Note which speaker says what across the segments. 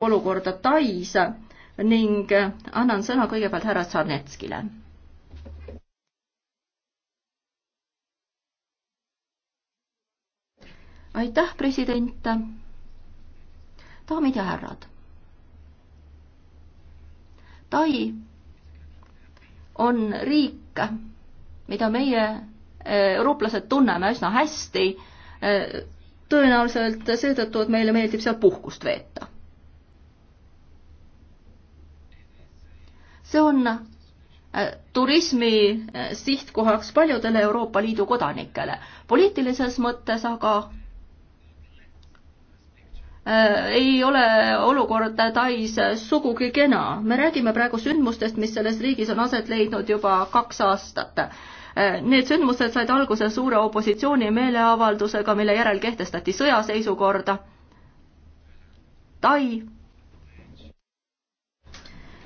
Speaker 1: olukorda Tais ning annan sõna kõigepealt härra Sarnetskile. aitäh, president. daamid ja härrad. Tai on riik, mida meie, eh, eurooplased, tunneme üsna hästi, eh, tõenäoliselt seetõttu, et meile meeldib seal puhkust veeta see on äh, turismi äh, sihtkohaks paljudele Euroopa Liidu kodanikele. poliitilises mõttes aga äh, ei ole olukord Tais sugugi kena. me räägime praegu sündmustest, mis selles riigis on aset leidnud juba kaks aastat. Need sündmused said alguse suure opositsiooni meeleavaldusega, mille järel kehtestati sõjaseisukorda. Tai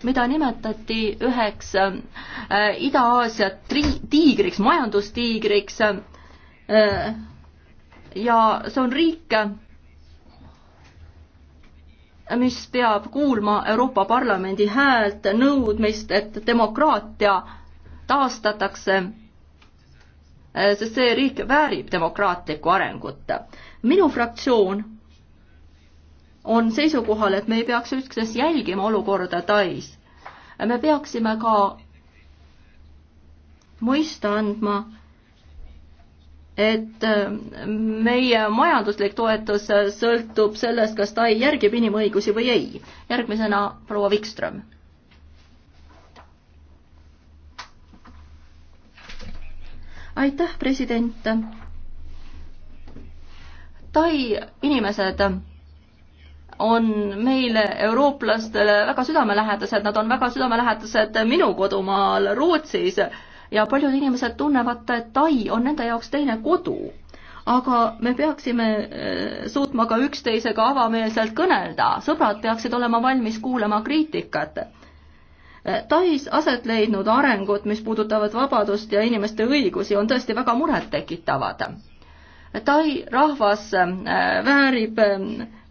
Speaker 1: mida nimetati üheks äh, Ida-Aasia tiigriks, majandustiigriks. Äh, ja see on riik, mis peab kuulma Euroopa Parlamendi häält, nõudmist, et demokraatia taastatakse, äh, sest see riik väärib demokraatlikku arengut. minu fraktsioon on seisukohal, et me ei peaks üksnes jälgima olukorda Tais. me peaksime ka mõista andma, et ähm, meie majanduslik toetus sõltub sellest, kas Tai järgib inimõigusi või ei. järgmisena proua Vikström. aitäh, president. Tai inimesed on meile, eurooplastele, väga südamelähedased, nad on väga südamelähedased minu kodumaal Rootsis ja paljud inimesed tunnevad, et Tai on nende jaoks teine kodu. aga me peaksime eh, suutma ka üksteisega avameelselt kõnelda, sõbrad peaksid olema valmis kuulama kriitikat eh, Tais aset leidnud arengud, mis puudutavad vabadust ja inimeste õigusi, on tõesti väga murettekitavad. Tai rahvas äh, väärib ähm,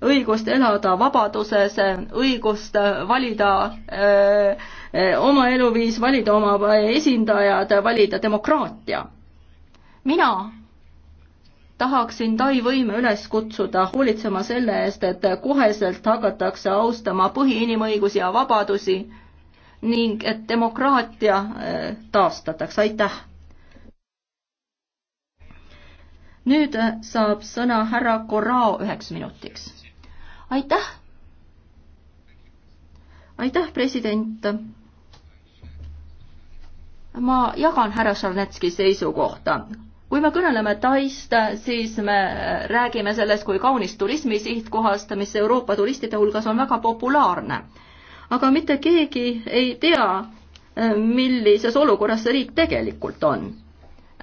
Speaker 1: õigust elada vabaduses, äh, õigust äh, valida öö, oma eluviis, valida oma esindajad, valida demokraatia. mina tahaksin Tai võime üles kutsuda hoolitsema selle eest, et koheselt hakatakse austama põhiinimõigusi ja vabadusi ning et demokraatia taastatakse, aitäh! nüüd äh, saab sõna härra Corrao üheks minutiks. aitäh! aitäh, president! ma jagan härra Šarnetski seisukohta. kui me kõneleme Taist, siis me räägime sellest kui kaunist turismisihtkohast, mis Euroopa turistide hulgas on väga populaarne. aga mitte keegi ei tea, millises olukorras see riik tegelikult on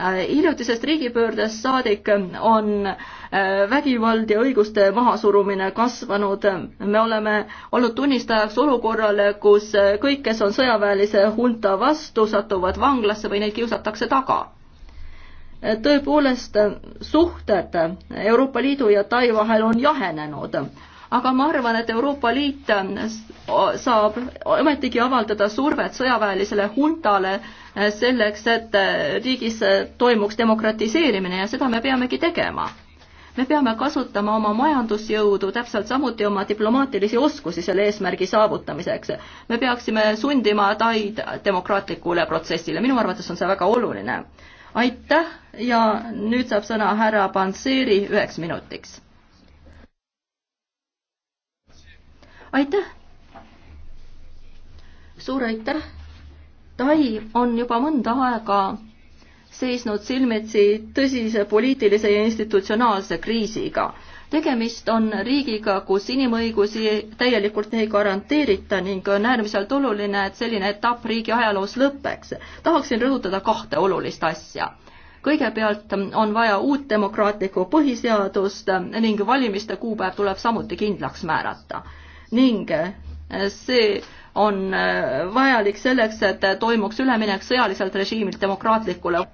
Speaker 1: Äh, hiljutisest riigipöördest saadik äh, on äh, vägivald ja õiguste mahasurumine kasvanud. me oleme olnud tunnistajaks olukorrale, kus kõik, kes on sõjaväelise hunta vastu, satuvad vanglasse või neid kiusatakse taga tõepoolest suhted Euroopa Liidu ja Tai vahel on jahenenud aga ma arvan, et Euroopa Liit äh, saab ometigi avaldada survet sõjaväelisele huntale äh, selleks, et äh, riigis toimuks demokratiseerimine ja seda me peamegi tegema. me peame kasutama oma majandusjõudu, täpselt samuti oma diplomaatilisi oskusi selle eesmärgi saavutamiseks. me peaksime sundima Taid demokraatlikule protsessile, minu arvates on see väga oluline. aitäh ja nüüd saab sõna härra Panseri üheks minutiks aitäh! suur aitäh! Tai on juba mõnda aega seisnud silmitsi tõsise poliitilise ja institutsionaalse kriisiga. tegemist on riigiga, kus inimõigusi täielikult ei garanteerita ning on äärmiselt oluline, et selline etapp riigi ajaloos lõpeks. tahaksin rõhutada kahte olulist asja. kõigepealt on vaja uut demokraatlikku põhiseadust ning valimiste kuupäev tuleb samuti kindlaks määrata ning äh, see on äh, vajalik selleks, et äh, toimuks üleminek sõjaliselt režiimilt demokraatlikule.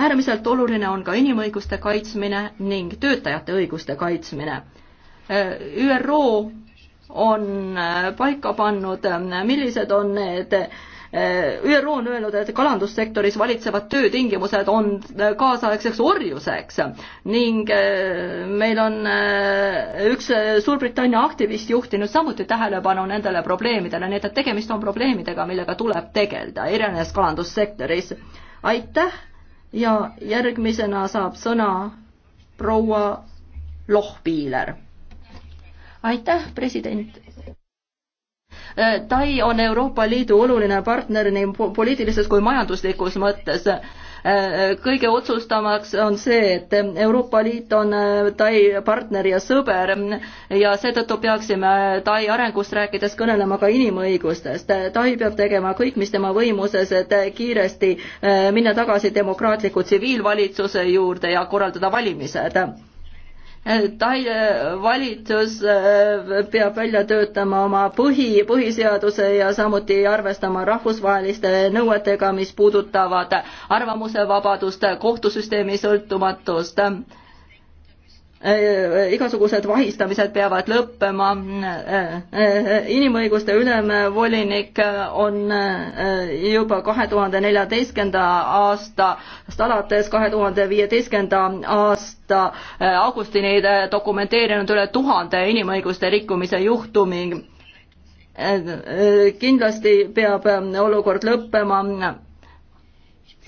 Speaker 1: äärmiselt oluline on ka inimõiguste kaitsmine ning töötajate õiguste kaitsmine. ÜRO on paika pannud, millised on need Äh, ÜRO on öelnud, et kalandussektoris valitsevad töötingimused on äh, kaasaegseks orjuseks ning äh, meil on üks Suurbritannia aktivist juhtinud samuti tähelepanu nendele probleemidele, nii et, et tegemist on probleemidega, millega tuleb tegeleda, erineves kalandussektoris. aitäh ja järgmisena saab sõna proua Lohpiiler. aitäh, president Äh, tai on Euroopa Liidu oluline partner nii poliitilises kui majanduslikus mõttes. Äh, kõige otsustavaks on see, et Euroopa Liit on äh, Tai partner ja sõber ja seetõttu peaksime Tai arengust rääkides kõnelema ka inimõigustest. Tai peab tegema kõik, mis tema võimuses, et kiiresti minna tagasi demokraatliku tsiviilvalitsuse juurde ja korraldada valimised Eh, tai eh, valitsus eh, peab välja töötama oma põhi, põhiseaduse ja samuti arvestama rahvusvaheliste nõuetega, mis puudutavad arvamusevabadust, kohtusüsteemi sõltumatust Äh, igasugused vahistamised peavad lõppema. Äh, inimõiguste ülemvolinik on äh, juba kahe tuhande neljateistkümnenda aastast alates kahe tuhande viieteistkümnenda aasta augustini dokumenteerinud üle tuhande inimõiguste rikkumise juhtumi. kindlasti peab olukord lõppema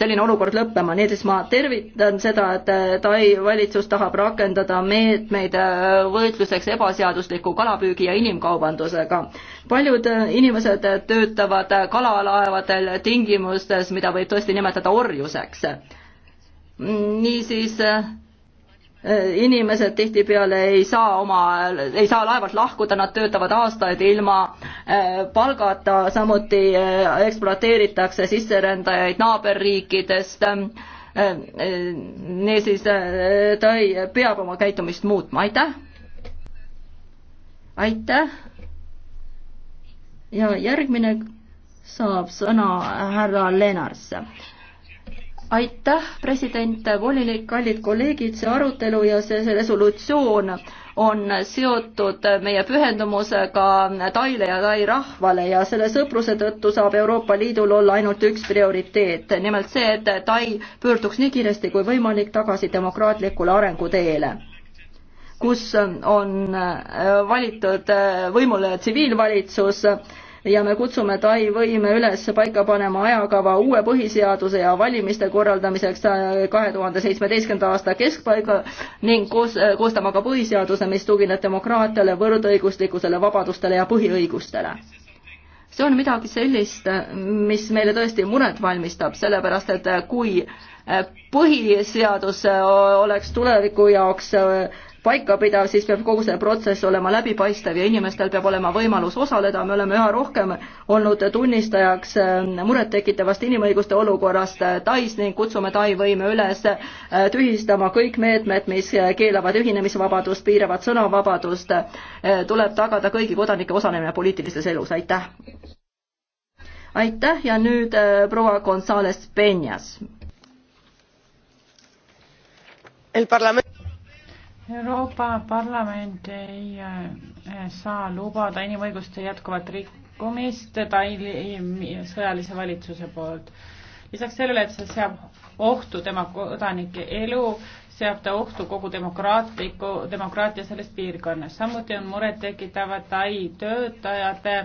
Speaker 1: selline olukord lõppema, niisiis ma tervitan seda, et äh, Tai valitsus tahab rakendada meetmeid äh, võitluseks ebaseadusliku kalapüügi ja inimkaubandusega. paljud äh, inimesed töötavad kalalaevadel tingimustes, mida võib tõesti nimetada orjuseks. niisiis Äh, inimesed tihtipeale ei saa oma, ei saa laevalt lahkuda, nad töötavad aastaid ilma äh, palgata, samuti äh, ekspluateeritakse sisserändajaid naaberriikidest. niisiis ta ei, peab oma käitumist muutma, aitäh. aitäh. ja järgmine saab sõna härra Lennarts aitäh, president, volinik, kallid kolleegid, see arutelu ja see, see resolutsioon on seotud meie pühendumusega Taile ja Tai rahvale ja selle sõpruse tõttu saab Euroopa Liidul olla ainult üks prioriteet, nimelt see, et Tai pöörduks nii kiiresti kui võimalik tagasi demokraatlikule arenguteele kus on valitud võimule tsiviilvalitsus ja me kutsume Tai võime üles paika panema ajakava uue põhiseaduse ja valimiste korraldamiseks äh, kahe tuhande seitsmeteistkümnenda aasta keskpaiga ning koos, äh, koostama ka põhiseaduse, mis tugineb demokraatiale, võrdõiguslikkusele, vabadustele ja põhiõigustele see on midagi sellist, mis meile tõesti muret valmistab, sellepärast et kui äh, põhiseadus oleks tuleviku jaoks paikapidav, siis peab kogu see protsess olema läbipaistev ja inimestel peab olema võimalus osaleda, me oleme üha rohkem olnud tunnistajaks äh, murettekitavast inimõiguste olukorrast äh, Tais ning kutsume Tai võime üles äh, tühistama kõik meetmed, mis keelavad ühinemisvabadust, piiravad sõnavabadust, tuleb tagada kõigi kodanike osalemine poliitilises elus, aitäh! aitäh ja nüüd proua Gonzales Peñas.
Speaker 2: Euroopa Parlament ei äh, saa lubada inimõiguste jätkuvat rikkumist Taili sõjalise valitsuse poolt. lisaks sellele, et see seab ohtu tema kodanike elu, seab ta ohtu kogu demokraatliku, demokraatia selles piirkonnas. samuti on murettekitavad Tai töötajate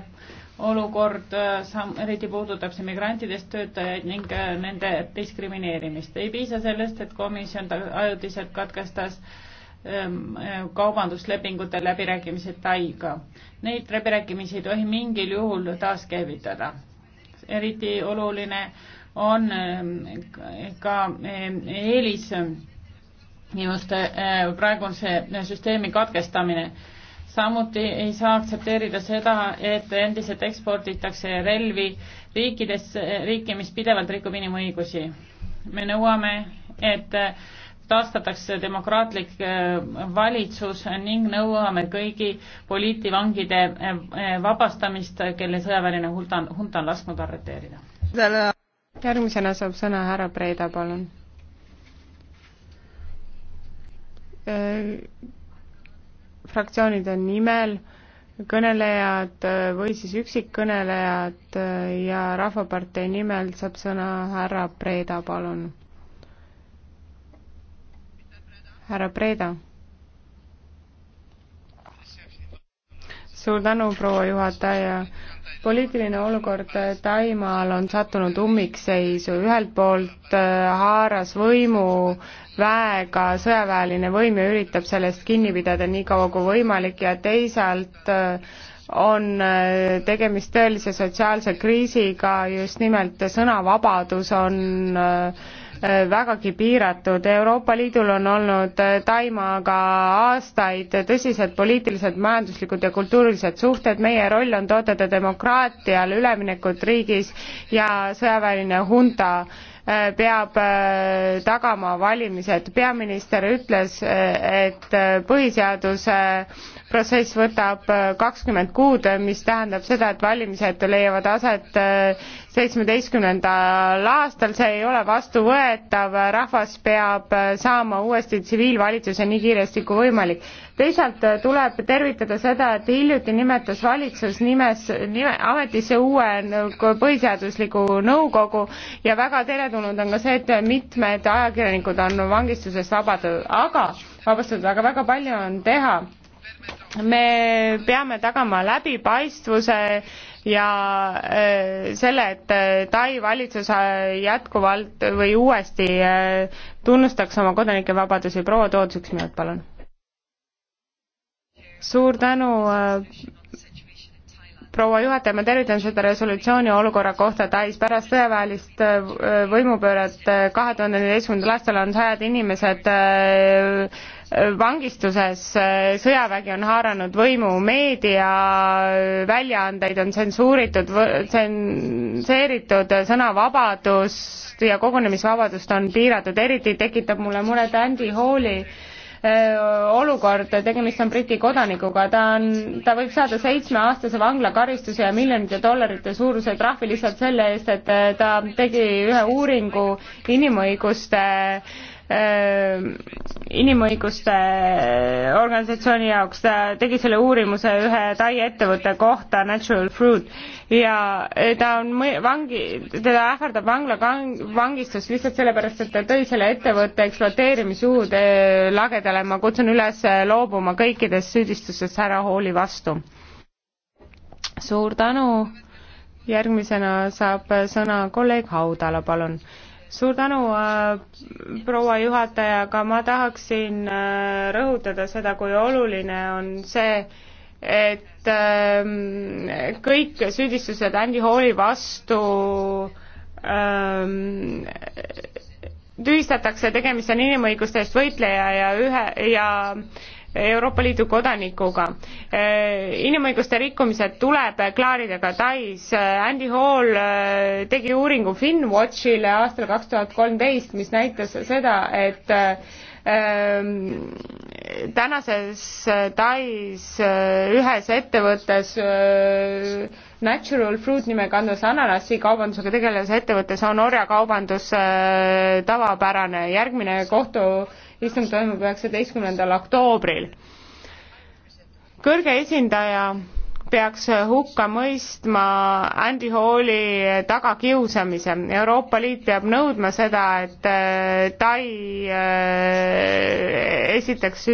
Speaker 2: olukord, äh, eriti puudutab see migrantidest töötajaid ning äh, nende diskrimineerimist. ei piisa sellest, et komisjon ajutiselt katkestas äh, Ähm, äh, kaubanduslepingute läbirääkimised Taiga. Neid läbirääkimisi ei tohi mingil juhul taaskäivitada. eriti oluline on ähm, ka ähm, eelis just äh, praeguse süsteemi katkestamine. samuti ei saa aktsepteerida seda, et endiselt eksporditakse relvi riikidesse, riiki, mis pidevalt rikub inimõigusi. me nõuame, et taastatakse demokraatlik äh, valitsus ning nõuame kõigi poliitivangide äh, vabastamist, kelle sõjaväeline hulta, hunta on lasknud arreteerida.
Speaker 3: järgmisena saab sõna härra Preida, palun. Äh, fraktsioonide nimel kõnelejad või siis üksikkõnelejad ja Rahvapartei nimel saab sõna härra Preeda, palun härra Preda. suur tänu, proua juhataja. poliitiline olukord Taimaal on sattunud ummikseisu, ühelt poolt äh, haaras võimu väega sõjaväeline võim ja üritab sellest kinni pidada nii kaua kui võimalik ja teisalt äh, on äh, tegemist tõelise sotsiaalse kriisiga, just nimelt sõnavabadus on äh, Äh, vägagi piiratud. Euroopa Liidul on olnud äh, Taimaga aastaid tõsised poliitilised, majanduslikud ja kultuurilised suhted, meie roll on toetada demokraatial üleminekut riigis ja sõjaväeline hunta äh, peab tagama valimised. peaminister ütles, et põhiseaduse protsess võtab kakskümmend kuud, mis tähendab seda, et valimised leiavad aset seitsmeteistkümnendal aastal, see ei ole vastuvõetav, rahvas peab saama uuesti tsiviilvalitsuse nii kiiresti kui võimalik. teisalt tuleb tervitada seda, et hiljuti nimetas valitsus nimes, nime, ametisse uue nagu põhiseadusliku nõukogu ja väga teretulnud on ka see, et mitmed ajakirjanikud on vangistusest vabatud, aga, vabastatud, aga väga palju on teha me peame tagama läbipaistvuse ja äh, selle, et äh, Tai valitsus äh, jätkuvalt või uuesti tunnustaks oma kodanike vabadusi. proua Toots, üks minut, palun. suur tänu proua juhataja, ma tervitan seda resolutsiooni olukorra kohta Tais. pärast sõjaväelist võimupööret kahe tuhande neljateistkümnendal aastal on sajad inimesed vangistuses, äh, sõjavägi on haaranud võimu, meediaväljaandeid on tsensuuritud, tsenseeritud, sõnavabadust ja kogunemisvabadust on piiratud, eriti tekitab mulle muret Andy Halli äh, olukord, tegemist on Briti kodanikuga, ta on, ta võib saada seitsmeaastase vanglakaristuse ja miljonite dollarite suuruse trahvi lihtsalt selle eest, et äh, ta tegi ühe uuringu inimõiguste äh, Ehm, inimõiguste organisatsiooni jaoks, ta tegi selle uurimuse ühe Tai ettevõtte kohta, Natural Fruit, ja e, ta on vangi, teda ähvardab vangla vangistus lihtsalt sellepärast, et ta tõi selle ettevõtte ekspluateerimisjuurde lagedale, ma kutsun üles loobuma kõikidest süüdistustest härra Hooli vastu. suur tänu, järgmisena saab sõna kolleeg Haudala, palun suur tänu, äh, proua juhataja, aga ma tahaksin äh, rõhutada seda, kui oluline on see, et ähm, kõik süüdistused Andy Halli vastu ähm, tühistatakse, tegemist on inimõiguste eest võitleja ja ühe ja Euroopa Liidu kodanikuga. Äh, inimõiguste rikkumised tuleb klaarida ka Tais. Andy Hall äh, tegi uuringu Finnwatchile aastal kaks tuhat kolmteist, mis näitas seda, et ähm, tänases Tais äh, ühes ettevõttes Natural Fruit nime kandvas ananassikaubandusega tegeleves ettevõttes on orjakaubandus tavapärane. järgmine kohtu istung toimub üheksateistkümnendal oktoobril kõrge esindaja peaks hukka mõistma Andy Halli tagakiusamise. Euroopa Liit peab nõudma seda, et äh, Tai äh, esitaks,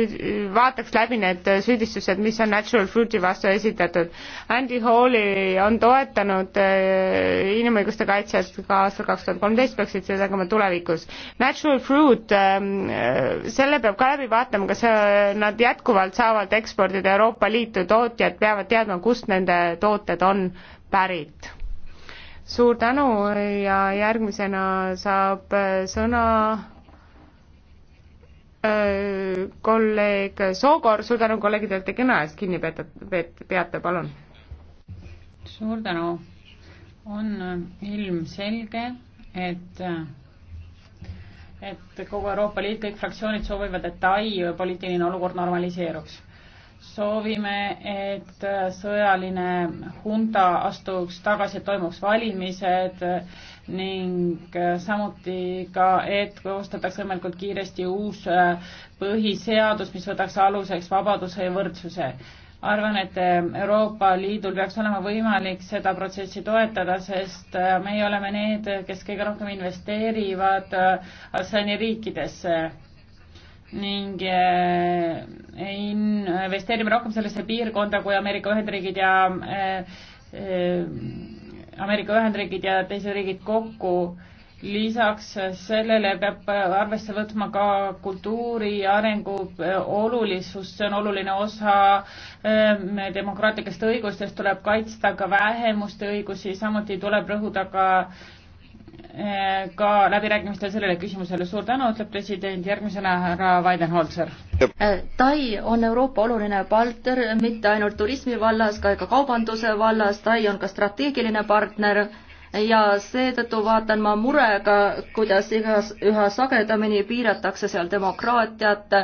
Speaker 3: vaataks läbi need süüdistused, mis on Natural Fruiti vastu esitatud. Andy Halli on toetanud äh, inimõiguste kaitsjad ka aastal kaks tuhat kolmteist, peaksid seda tegema tulevikus. Natural Fruit, ähm, selle peab ka läbi vaatama, kas nad jätkuvalt saavad eksportida Euroopa Liitu, tootjad peavad teadma, kust nende tooted on pärit. suur tänu ja järgmisena saab äh, sõna äh, kolleeg Soogor, suur tänu kolleegidele, et te kõne eest kinni peate, peate, palun.
Speaker 2: suur tänu. on äh, ilmselge, et et kogu Euroopa Liit, kõik fraktsioonid soovivad, et Tai poliitiline olukord normaliseeruks soovime, et sõjaline hunta astuks tagasi, toimuks valimised ning samuti ka, et koostataks võimalikult kiiresti uus põhiseadus, mis võtaks aluseks vabaduse ja võrdsuse. arvan, et Euroopa Liidul peaks olema võimalik seda protsessi toetada, sest meie oleme need, kes kõige rohkem investeerivad ASEAN-i riikidesse ning eh, investeerime rohkem sellesse piirkonda, kui Ameerika Ühendriigid ja eh, eh, Ameerika Ühendriigid ja teised riigid kokku. lisaks sellele peab arvesse võtma ka kultuuri arengu olulisust, see on oluline osa demokraatlikest õigustest, tuleb kaitsta ka vähemuste õigusi, samuti tuleb rõhuda ka äh, Eh, ka läbirääkimistel sellele küsimusele. suur tänu, ütleb president, järgmisena härra Weidenholzer.
Speaker 1: Eh, tai on Euroopa oluline partner mitte ainult turismi vallas, ka, ka kaubanduse vallas, Tai on ka strateegiline partner ja seetõttu vaatan ma murega, kuidas igas, üha sagedamini piiratakse seal demokraatiat,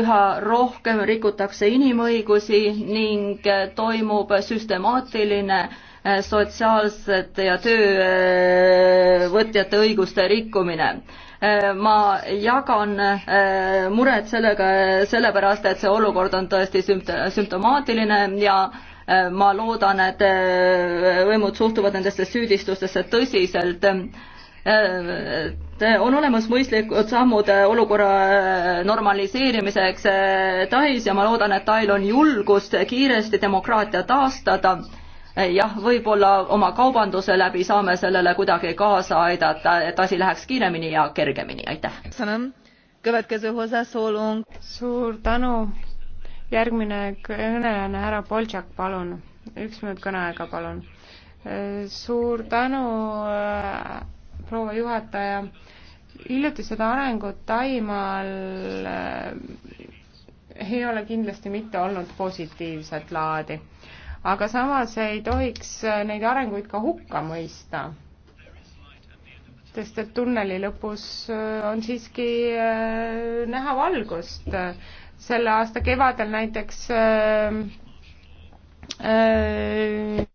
Speaker 1: üha rohkem rikutakse inimõigusi ning toimub süstemaatiline Äh, sotsiaalsete ja töövõtjate õiguste rikkumine äh, ma jagan äh, muret sellega, sellepärast et see olukord on tõesti sümpt-, sümptomaatiline ja ma loodan, et võimud suhtuvad nendesse süüdistustesse tõsiselt. on olemas mõistlikud sammud olukorra normaliseerimiseks Tais ja ma loodan, et Tail on julgust kiiresti demokraatia taastada Eh, jah, võib-olla oma kaubanduse läbi saame sellele kuidagi kaasa aidata, et asi läheks kiiremini ja kergemini, aitäh. suur tänu.
Speaker 3: järgmine kõneleja on härra Boltšak, palun. üks minut kõneaega, palun. Eh, suur tänu, eh, proua juhataja. hiljuti seda arengut Taimaal ei ole kindlasti mitte olnud positiivset laadi aga samas ei tohiks äh, neid arenguid ka hukka mõista, sest et tunneli lõpus äh, on siiski äh, näha valgust. selle aasta kevadel näiteks äh, äh,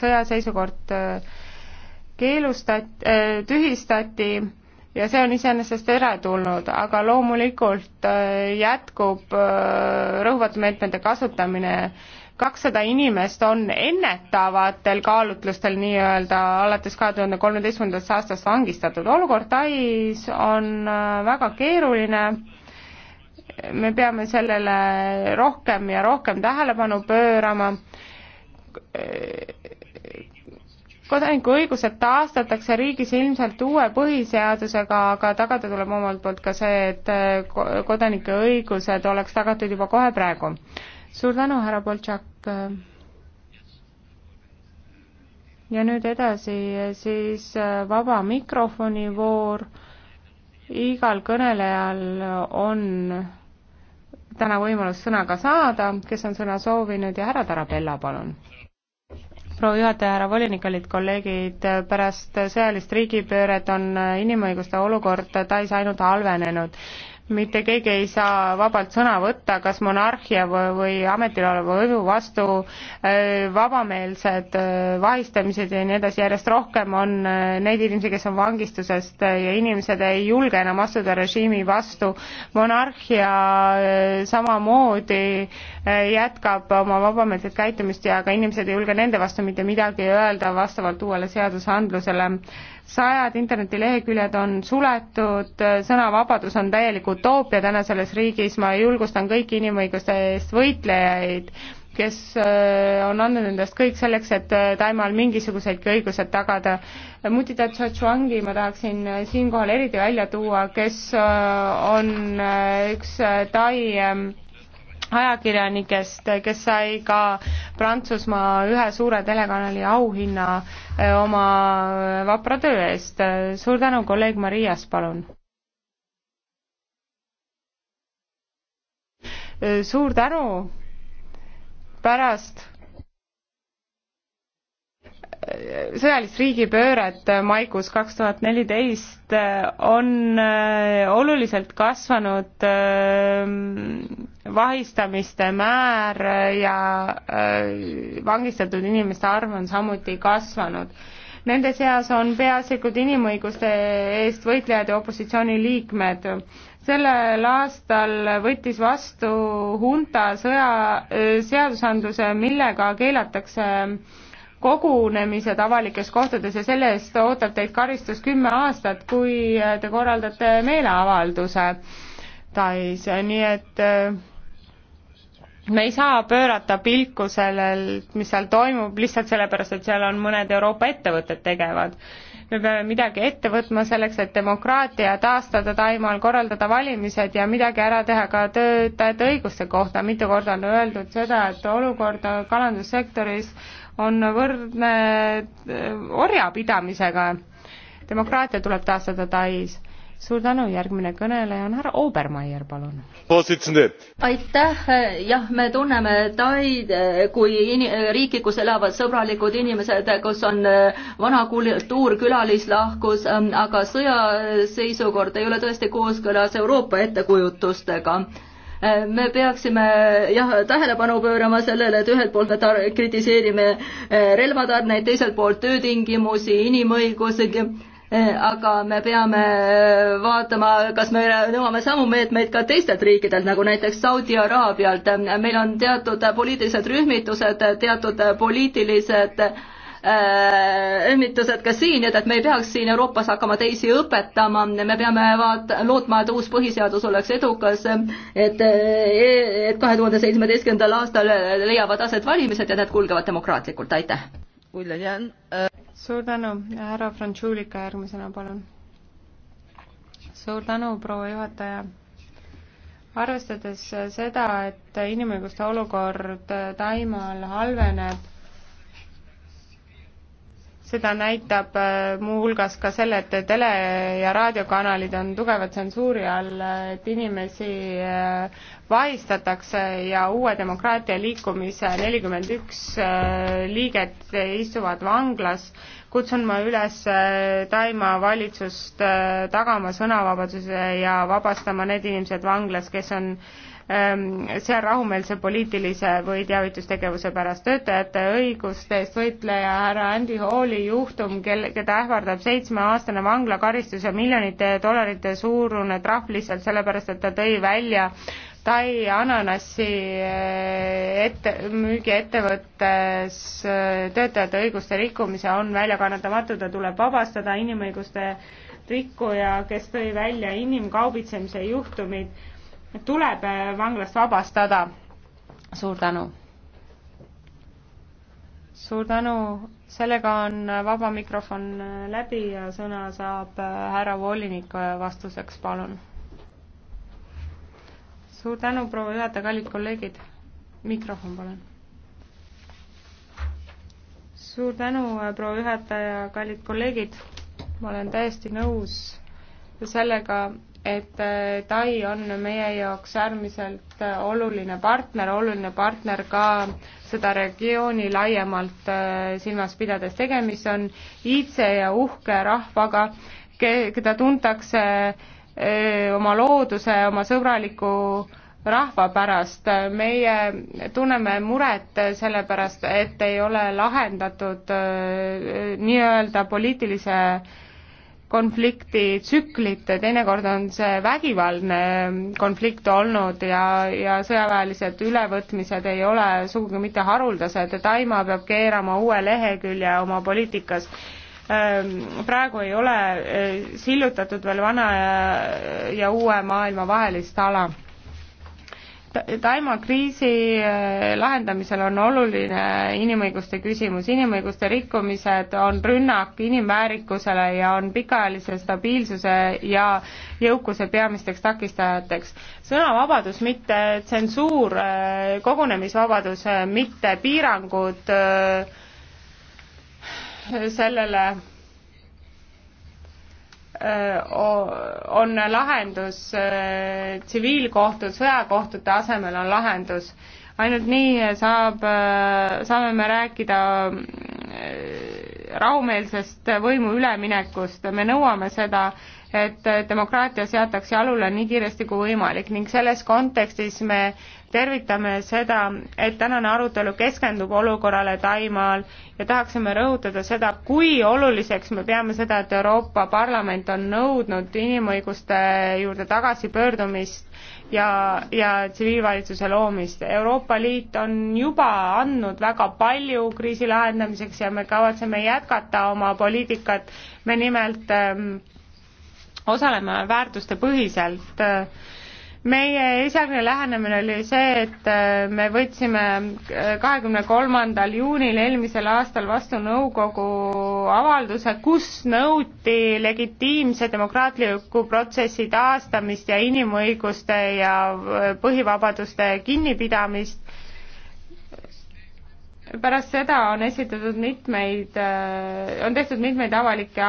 Speaker 3: sõjaseisukord keelustati, tühistati ja see on iseenesest teretulnud, aga loomulikult äh, jätkub äh, rõhuvatusmeetmete kasutamine. kakssada inimest on ennetavatel kaalutlustel nii-öelda alates kahe tuhande kolmeteistkümnendast aastast vangistatud. olukord Tais on äh, väga keeruline, me peame sellele rohkem ja rohkem tähelepanu pöörama kodanikuõigused taastatakse riigis ilmselt uue põhiseadusega, aga tagada tuleb omalt poolt ka see, et eh, kodanike õigused oleks tagatud juba kohe praegu. suur tänu, härra Boltšak. ja nüüd edasi eh, siis eh, vaba mikrofoni voor. igal kõnelejal on täna võimalus sõna ka saada, kes on sõna soovinud ja härra Tarabella, palun proua juhataja, härra volinik, kallid kolleegid, pärast sõjalist riigipööret on inimõiguste olukord Tais ainult halvenenud mitte keegi ei saa vabalt sõna võtta, kas monarhia või, või ametil oleva võimu vastu vabameelsed vahistamised ja nii edasi, järjest rohkem on neid inimesi, kes on vangistusest ja inimesed ei julge enam astuda režiimi vastu. monarhia samamoodi jätkab oma vabameelset käitumist ja ka inimesed ei julge nende vastu mitte midagi öelda vastavalt uuele seadusandlusele sajad internetileheküljed on suletud, sõnavabadus on täielik utoopia täna selles riigis, ma julgustan kõiki inimõiguste eest võitlejaid, kes äh, on andnud endast kõik selleks, et äh, Taimaal mingisuguseidki õigused tagada. Mutita Tšotšvangi ma tahaksin äh, siinkohal eriti välja tuua, kes on üks Tai ähm, ajakirjanikest, kes sai ka Prantsusmaa ühe suure telekanali auhinna eh, oma eh, vapra töö eest. suur tänu, kolleeg Marias, palun! Eh, suur tänu pärast sõjalist riigipööret maikuus kaks tuhat neliteist on oluliselt kasvanud vahistamiste määr ja äh, vangistatud inimeste arv on samuti kasvanud. Nende seas on peaasjalikult inimõiguste eest võitlejad ja opositsiooniliikmed. sellel aastal võttis vastu hunta sõja, äh, seadusandluse, millega keelatakse kogunemised avalikes kohtades ja selle eest ootab teid karistus kümme aastat, kui te korraldate meeleavalduse Tais, nii et äh, me ei saa pöörata pilku sellel, mis seal toimub, lihtsalt sellepärast, et seal on mõned Euroopa ettevõtted tegevad. me peame midagi ette võtma selleks, et demokraatia taastada Taimaal, korraldada valimised ja midagi ära teha ka töötajate õiguste kohta. mitu korda on öeldud seda, et olukord kalandussektoris on võrdne orjapidamisega. demokraatia tuleb taastada Tais suur tänu, järgmine kõneleja on härra Obermeier, palun.
Speaker 1: aitäh, jah, me tunneme Taid eh, kui in-, riiki, kus elavad sõbralikud inimesed, kus on eh, vana kultuur, külalislahkus, eh, aga sõjaseisukord ei ole tõesti kooskõlas Euroopa ettekujutustega me peaksime jah, tähelepanu pöörama sellele, et ühelt poolt me tar-, kritiseerime relvatarneid, teiselt poolt töötingimusi, inimõigusi, aga me peame äh, vaatama, kas me nõuame samu meetmeid ka teistelt riikidelt, nagu näiteks Saudi Araabialt. meil on teatud poliitilised rühmitused, teatud poliitilised äh, rühmitused ka siin, nii et, et me ei peaks siin Euroopas hakkama teisi õpetama, me peame vaat-, lootma, et uus põhiseadus oleks edukas, et, äh, e-, et kahe tuhande seitsmeteistkümnendal aastal leiavad aset valimised ja need kulgevad demokraatlikult, aitäh!
Speaker 3: Äh, suur tänu, härra Frantsuulika järgmisena, palun. suur tänu, proua juhataja arvestades seda, et inimõiguste olukord Taimaal halveneb, seda näitab äh, muuhulgas ka selle, et tele- ja raadiokanalid on tugeva tsensuuri all, et inimesi äh, vahistatakse ja uue demokraatia liikumise nelikümmend üks äh, liiget istuvad vanglas. kutsun ma üles Taimaa valitsust tagama sõnavabaduse ja vabastama need inimesed vanglas, kes on Ehm, seal rahumeelse poliitilise või teavitustegevuse pärast. töötajate õiguste eest võitleja härra Andy Halli juhtum, kel, keda ähvardab seitsmeaastane vanglakaristus ja miljonite dollarite suurune trahv lihtsalt sellepärast, et ta tõi välja Tai ananassi eh, ette, müügiettevõttes eh, töötajate õiguste rikkumise on väljakannatamatu, ta tuleb vabastada, inimõiguste rikkuja, kes tõi välja inimkaubitsemise juhtumid tuleb äh, vanglast vabastada. suur tänu. suur tänu, sellega on äh, vaba mikrofon äh, läbi ja sõna saab härra volinik vastuseks, palun. suur tänu, proua juhataja, kallid kolleegid. mikrofon, palun. suur tänu, proua juhataja, kallid kolleegid. ma olen täiesti nõus sellega, et äh, Tai on meie jaoks äärmiselt äh, oluline partner, oluline partner ka seda regiooni laiemalt äh, silmas pidades. tegemist on iidse ja uhke rahvaga, keda tuntakse oma looduse, oma sõbraliku rahva pärast. meie tunneme muret selle pärast, et ei ole lahendatud nii-öelda poliitilise konflikti tsüklit, teinekord on see vägivaldne konflikt olnud ja, ja sõjaväelised ülevõtmised ei ole sugugi mitte haruldased, Taimaa peab keerama uue lehekülje oma poliitikas. Ehm, praegu ei ole eh, sillutatud veel vana ja, ja uue maailma vahelist ala taimekriisi äh, lahendamisel on oluline inimõiguste küsimus. inimõiguste rikkumised on rünnak inimväärikusele ja on pikaajalise stabiilsuse ja jõukuse peamisteks takistajateks. sõnavabadus, mitte tsensuur, äh, kogunemisvabadus, mitte piirangud äh, sellele on lahendus tsiviilkohtud, sõjakohtute asemel on lahendus. ainult nii saab, saame me rääkida rahumeelsest võimu üleminekust, me nõuame seda, et demokraatia seatakse jalule nii kiiresti kui võimalik ning selles kontekstis me tervitame seda, et tänane arutelu keskendub olukorrale Taimaal ja tahaksime rõhutada seda, kui oluliseks me peame seda, et Euroopa Parlament on nõudnud inimõiguste juurde tagasipöördumist ja, ja tsiviilvalitsuse loomist. Euroopa Liit on juba andnud väga palju kriisi lahendamiseks ja me kavatseme jätkata oma poliitikat, me nimelt öö, ähm, osaleme väärtustepõhiselt öö, äh, meie esialgne lähenemine oli see, et äh, me võtsime äh, kahekümne kolmandal juunil eelmisel aastal vastu nõukogu avalduse, kus nõuti legitiimse demokraatliku protsessi taastamist ja inimõiguste ja äh, põhivabaduste kinnipidamist. pärast seda on esitatud mitmeid, on tehtud mitmeid avalikke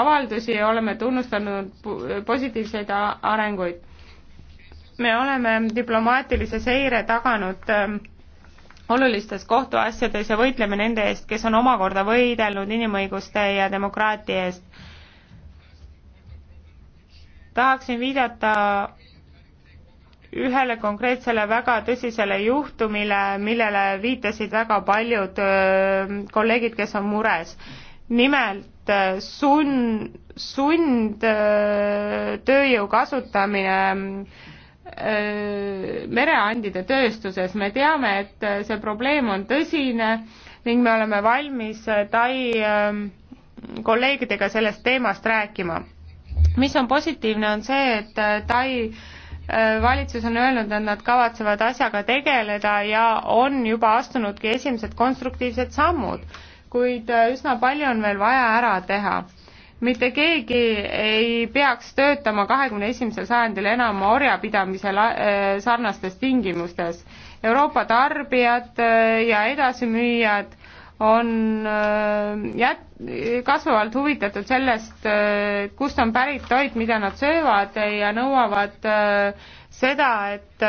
Speaker 3: avaldusi ja oleme tunnustanud positiivseid arenguid me oleme diplomaatilise seire taganud ähm, olulistes kohtuasjades ja võitleme nende eest, kes on omakorda võidelnud inimõiguste ja demokraatia eest. tahaksin viidata ühele konkreetsele väga tõsisele juhtumile, millele viitasid väga paljud ähm, kolleegid, kes on mures. nimelt äh, sun-, sundtööjõu äh, kasutamine mereandide tööstuses, me teame, et see probleem on tõsine ning me oleme valmis äh, Tai ähm, kolleegidega sellest teemast rääkima. mis on positiivne, on see, et äh, Tai äh, valitsus on öelnud, et nad kavatsevad asjaga tegeleda ja on juba astunudki esimesed konstruktiivsed sammud, kuid üsna palju on veel vaja ära teha mitte keegi ei peaks töötama kahekümne esimesel sajandil enam orjapidamisel äh, sarnastes tingimustes. Euroopa tarbijad äh, ja edasimüüjad on äh, jät-, kasvavalt huvitatud sellest, kust on pärit toit, mida nad söövad ja nõuavad seda, et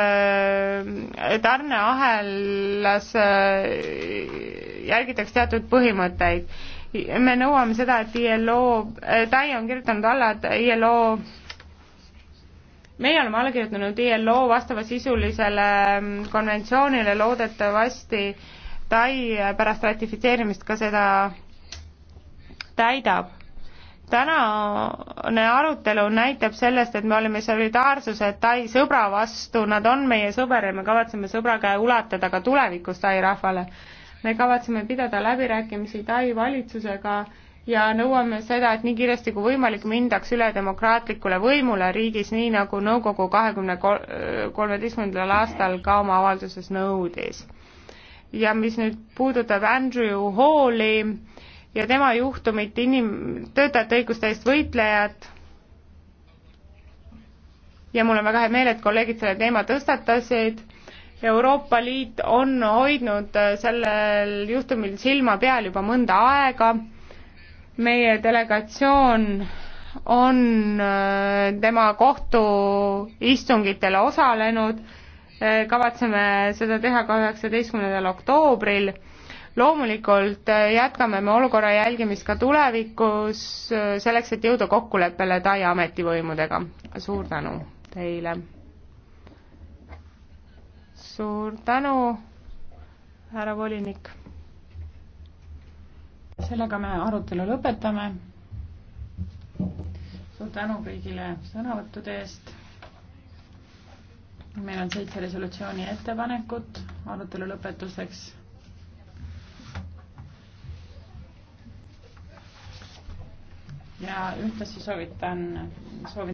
Speaker 3: tarneahelas järgitakse teatud põhimõtteid me nõuame seda, et ILO, äh, TAI on kirjutanud alla, et ILO meie oleme alla kirjutanud ILO vastavasisulisele mm, konventsioonile, loodetavasti Tai pärast ratifitseerimist ka seda täidab. tänane arutelu näitab sellest, et me olime solidaarsused Tai sõbra vastu, nad on meie sõber ja me kavatseme sõbra käe ulatada ka tulevikus Tai rahvale me kavatseme pidada läbirääkimisi Tai valitsusega ja nõuame seda, et nii kiiresti kui võimalik mindaks üle demokraatlikule võimule riigis, nii nagu nõukogu kahekümne kolmeteistkümnendal aastal ka oma avalduses nõudis. ja mis nüüd puudutab Andrew Halli ja tema juhtumit inim-, töötajate õiguste eest võitlejat, ja mul on väga hea meel, et kolleegid selle teema tõstatasid Euroopa Liit on hoidnud äh, sellel juhtumil silma peal juba mõnda aega. meie delegatsioon on äh, tema kohtuistungitele osalenud, äh, kavatseme seda teha ka üheksateistkümnendal oktoobril loomulikult jätkame me olukorra jälgimist ka tulevikus, selleks et jõuda kokkuleppele Tai ametivõimudega. suur tänu teile! suur tänu, härra
Speaker 2: volinik. sellega me arutelu lõpetame. suur tänu kõigile sõnavõttude eest. meil on seitse resolutsiooni ettepanekut arutelu lõpetuseks ja ühtlasi soovitan, soovin